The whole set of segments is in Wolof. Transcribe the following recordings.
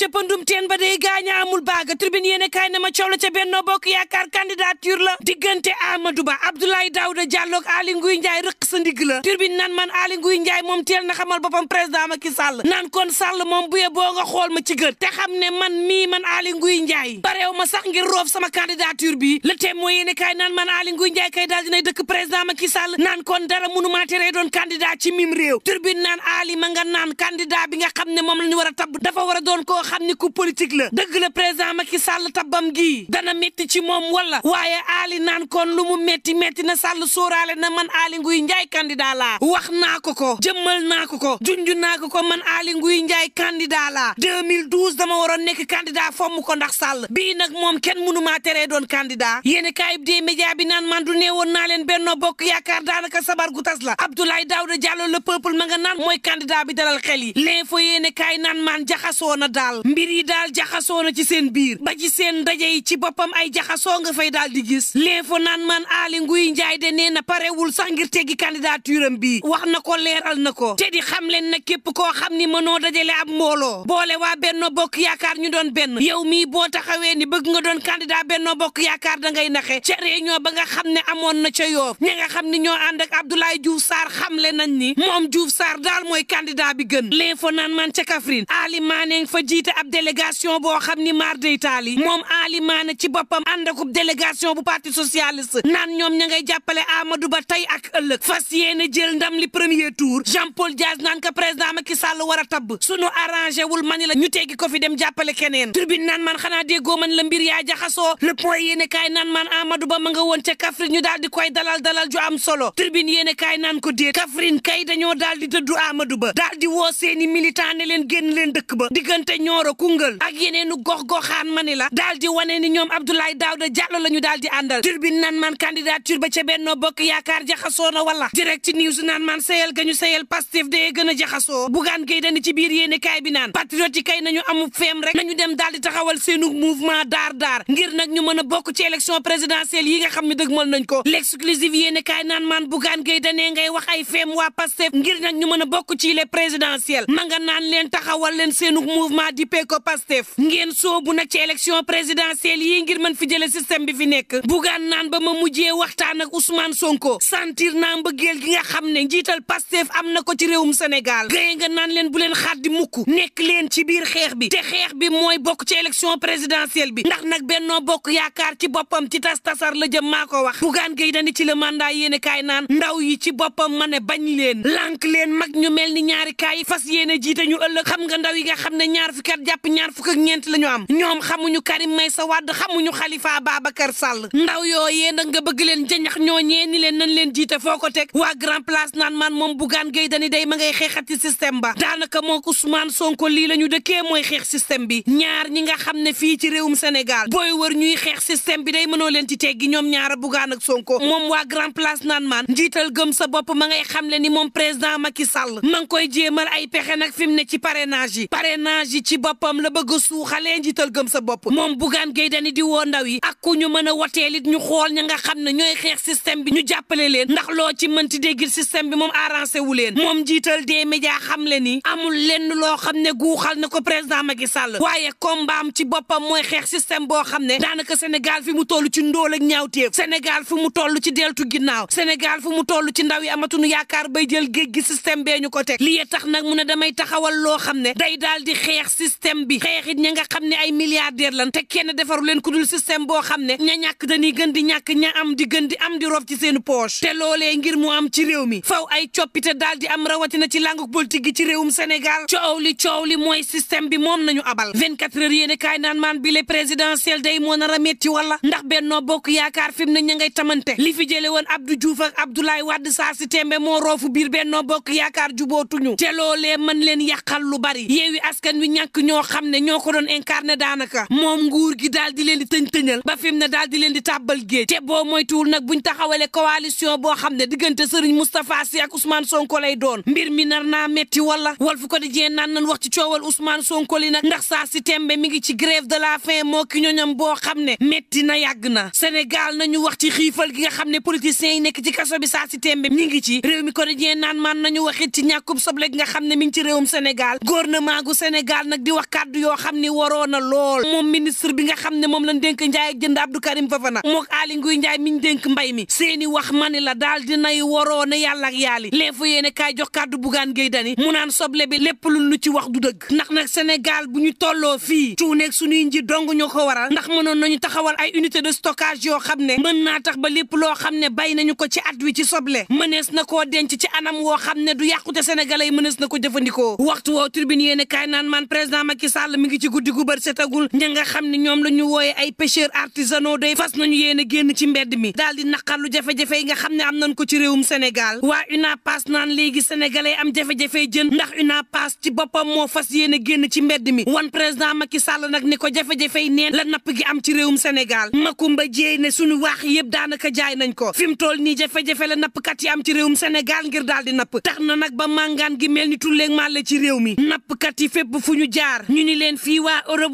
ca pëndum teen ba day gaaña amul baaga tribune yéene kaay na ma coow la ca Benno Bokk Yaakaar candidature la diggante Amadou Ba Abdoulaye Daouda Diallo ak Aly Ngouille Ndiaye rëq sa ndig la tribune nan man Aly Ngouille Ndiaye moom teel na xamal boppam président Macky Sall naan kon Sall moom bu ye boo xool ma ci gët te ne man mii man Aly Ngouille Ndiaye pareew ma sax ngir sama candidature bi le thème mooy yéene kaay naan man Aly Ngouille Ndiaye kay daal dinay dëkk président Macky Sall naan kon dara munu maa teree doon candidat ci mim réew tribune naan Aly ma nga naan candidat bi nga xam ne moom la ñu war a tabb dafa war a doon koo xam ni ku politique la dëgg la président Macky Sall tabam gii dana métti ci moom wala waaye aali naan kon lu mu métti métti na Sall sóoraale na man aali nguy njaay candidat laa wax naa ko ko jëmmal naa ko ko junj naa ko ko man aali nguy njaay candidat laa 2012 dama waroon nekk candidat fomm ko ndax Sall bii nag moom kenn mënu maa teree doon candidat yéen kaayib dee média bi naan man du nee woon naa leen Benno Bokk Yaakaar daanaka sabar gu tas la Abdoulaye Daouda Diallo le peuple ma nga naan mooy candidat bi dalal xel yi l'info yéen kaay naan man jaxasoo na daal Sall mbir yi daal jaxasoo na ci seen biir ba ci seen ndaje yi ci boppam ay jaxasoo nga fay daal di gis l'info naan man Aly Ngouille Ndiaye de nee na parewul sax ngir teggi candidature am bii wax na ko leeral na ko te di xam leen na képp koo xam ni mënoo dajale am mbooloo boole waa Benno bok Yaakaar ñu doon benn yow mii boo taxawee ni bëgg nga doon candidat Benno Bokk Yaakaar da ngay naxe ca réunion ba nga xam ne amoon na ca Yoff ña nga xam ni ñoo ànd ak Abdoulaye Diouf Sarr le nañ ni moom Diouf Sarr daal mooy candidat bi gën l'info naan man ca jiite ab délégation boo xam ni maar day taali moom Aly Mané ci boppam ànd akub délégation bu parti socialiste naan ñoom ña ngay jàppale Amadou Ba tey ak ëllëg fas yéene jël ndam li premier tour Jean Paul Diaz naan ko président Macky Sall wara a tabb sunu arrangé wul mani la ñu teggi ko fi dem jàppale keneen tribune naan man xanaa déggoo man la mbir yaa jaxasoo le point yéene kaay naan man Amadou Ba ma nga woon ca Kaffrine ñu daal di koy dalal dalal ju am solo tribune yéene kaay naan ko déet Kaffrine dañoo daal di dëddu Amadou Ba daal woo seeni militant ne leen génn leen dëkk ba diggante ñoo Nioro Koungheul ak yeneenu gox-goxaan ma ni la daal wane ni ñoom Abdoulaye Daouda Diallo la ñu daal di àndal turbine nan man candidature ba ca Benno Bokk Yaakaar jaxasoo na wala direct ci news naan man sayal ga ñu sayal Pastef dee gën a jaxasoo bugaan gay ci biir yéene kaay bi naan patriote yi kay nañu amu feem rek dem daal di taxawal seenu mouvement daar daar ngir nag ñu mën a bokk ci élection présidentielle yi nga xam ne dëgmal nañ ko l'exclusive yéene kaay naan man bugaan gay danee ngay wax ay feem waa Pastef ngir nag ñu mën a bokk ci le présidentielles manga naan leen taxawal leen seenu mouvement dippee ko Pastef ngeen soobu nag ci élection présidentielle yi ngir mën fi jële système bi fi nekk bugaan naan ba ma mujjee waxtaan ak Ousmane Sonko santir naa mbëggeel gi nga xam ne njiital Pastef am na ko ci réewum Sénégal gaye nga naan leen bu leen xaddi mukk nekk leen ci biir xeex bi te xeex bi mooy bokk ci élection présidentielle bi ndax nag Benno Bokk Yaakaar ci boppam ci tas tasar la jëm maa ko wax bugaan gay dani ci le mandat yéene kaay naan ndaw yi ci boppam ma ne bañ leen lànk leen mag ñu mel ni ñaari kaay fas yéene jiite ñu ëllëg xam nga ndaw yi nga xam ne ñaar fukkat jàpp ñaar fukk ak ñeent la ñu am ñoom xamuñu Karim Meïssa Wade xamuñu Khalifa Ababacar Sall ndaw yooyee nag nga bëgg leen jañax ñooñee ni leen nañ leen jiite foo ko teg waa grand place naan maan moom Bougane Gueye Dany day ma ngay xeexati système ba daanaka mook Ousmane Sonko lii la ñu dëkkee mooy xeex sistem bi ñaar ñi nga xam ne fii ci réewum Sénégal booy war ñuy xeex système bi day mënoo leen ci gi ñoom ñaara Bougane ak Sonko moom waa grand place naan maan njiital gëm sa bopp ma ngay xamle ni moom président Macky Sall ma ngi koy jéemal ay pexe nag mu ne ci parrainage yi ci boppam la bëgg a suuxalee njiital gëm sa bopp moom Bougane Gueye Dany di woo ndaw yi ak ku ñu mën a woteelit ñu xool ña nga xam ne ñooy xeex système bi ñu jàppale leen ndax loo ci mënti déggil système bi moom arrangé wu leen moom njiital des médias xam le ni amul lenn loo xam ne guuxal na ko président Macky Sall waaye kombaam ci boppam mooy xeex système boo xam ne daanaka Sénégal fi mu toll ci ndóol ak ñaawteef Sénégal fi mu toll ci deltu ginnaaw Sénégal fi mu toll ci ndaw yi amatunu yaakaar bay jël géej gi ñu ko teg tax nag mu ne damay taxawal loo xam système bi xeexit ña xam ne ay milliardaire lan te kenn defaru leen ku dul système boo xam ne ña ñàkk dañuy gën di ñàkk ña am di gën di am di rof ci seen poche te loolee ngir mu am ci réew mi faw ay coppite daal di am rawatina ci langu politique gi ci réewum senegal coow li coow li mooy système bi moom nañu abal 24 heures yéen kaay naan maan bi le présidentiel day moo nar a metti wala ndax Benno Bokk Yaakaar fi mu ne ña tamante li fi jële woon Abdou Diouf ak Abdoulaye Wade saa si tembe moo roofu biir Benno Bokk Yaakaar jubootuñu te loolee mën leen yàqal lu bari yeewi askan wi nekk ñoo xam ne ñoo ko doon incarné daanaka moom nguur gi daal di leen di tëñ-tëñal ba fi ne daal di leen di tàbbal géej te boo moytuwul nag bu buñ taxawalee coalition boo xam ne diggante Serigne Moustapha Sy ak Ousmane Sonko lay doon mbir mi nar naa metti wala di Quotidien naan nañ wax ci coowal Ousmane Sonko li nag ndax saa si tembe mi ngi ci grève de la faim moo ki ñoñam boo xam ne metti na yàgg na Sénégal nañu wax ci xiifal gi nga xam ne politiciens i nekk ci kaso bi saa si tembe ñi ngi ci réew mi Quotidien naan man nañu waxit ci ñàkkub soble gi nga xam ne mi ngi ci réewum Sénégal gouvernement gu Sénégal nag di wax kàddu yoo xam ni waroon na lool moom ministre bi nga xam ne moom lañ dénk njaay ak jënd Abdou Karim Fofana mook Aly Ngouille Ndiaye mi ñu dénk mbay mi seeni wax mani la daal dinay waroo na yàlla ak yaali léefa yéene kaay jox kàddu bugaan géy dani mu naan soble bi lépp lu nu ci wax du dëgg ndax nag senegal bu ñu tolloo fii cuuneeg sunuy nji dong ñoo ko waral ndax mënoon nañu taxawal ay unité de stockage yoo xam ne mën naa tax ba lépp loo xam ne bay nañu ko ci at wi ci soble mënees na koo denc ci anam woo xam ne du yàqute sénégalais yi na ko jëfandikoo président Macky ngi ci guddi gu bër setagul ña nga xam ne ñoom la ñu wooye ay pêcheurs artisanaux day fas nañu yéen génn ci mbedd mi daal di naqarlu jafe-jafe yi nga xam ne am nañ ko ci réewum Sénégal waa UNAPAS naan léegi sénégalais am jafe-jafe jën ndax pas ci boppam moo fas yéen a génn ci mbedd mi wan président Macky Sall nag ni ko jafe-jafe la napp gi am ci réewum senegal Makumba Jéey ne suñu waax yëpp daanaka jaay nañ ko fi mu toll nii jafe-jafe nappkat yi am ci réewum Sénégal ngir daal di napp tax na nag ba màngaan gi mel ni tulleeg màlle ci réew mi nappkat yi fépp fu ñu jaay milliards ñu ni leen fii waa Europe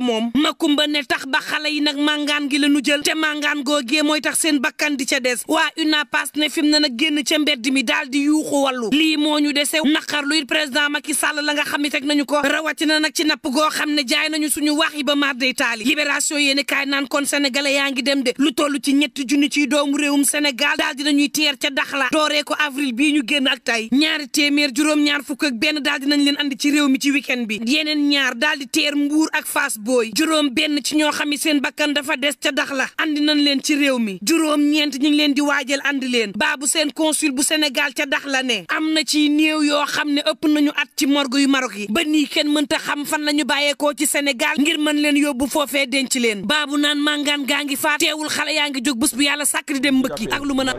moom makumba ne tax ba xale yi nag màngaan gi la ñu jël te màngaan googee mooy tax seen bakkan di ca des waa UNAPAS fi mu ne nag génn ca mbedd mi daal di yuuxu wàllu lii moo ñu dese naqar luy président Macky Sall la nga xam ne teg nañu ko rawatina nag ci napp goo xam ne jaay nañu suñu wax yi ba maar day taali libération yéeni kaay naan kon sénégalais yaa ngi dem de lu toll ci ñetti junni ciy doomu réewum Sénégal daal dinañuy teer ca Dakhla dooree avril bii ñu génn ak tey ñaari téeméer juróom-ñaar fukk ak benn daal dinañ leen andi ci réew mi ci week semaine bi yeneen ñaar daal di teer mbuur ak faas Boy juróom benn ci ñoo xam ne seen bakkan dafa des ca dax la andi nañ leen ci réew mi juróom ñeent ñu ngi leen di waajal andi leen baa bu seen consul bu senegal ca dax la ne am na ci néew yoo xam ne ëpp nañu at ci morgue yu Maroc yi ba nii kenn mënta xam fan la ñu bàyyeekoo ci senegal ngir mën leen yóbbu foofee denc leen baa baabu naan màngaan gaa ngi faat teewul xale yaa ngi jóg bus bu yàlla sàkk di dem mbëkki ak lu mën a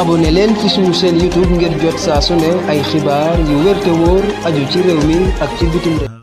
abonné leen su ne ay xibaar yu wér bitim réew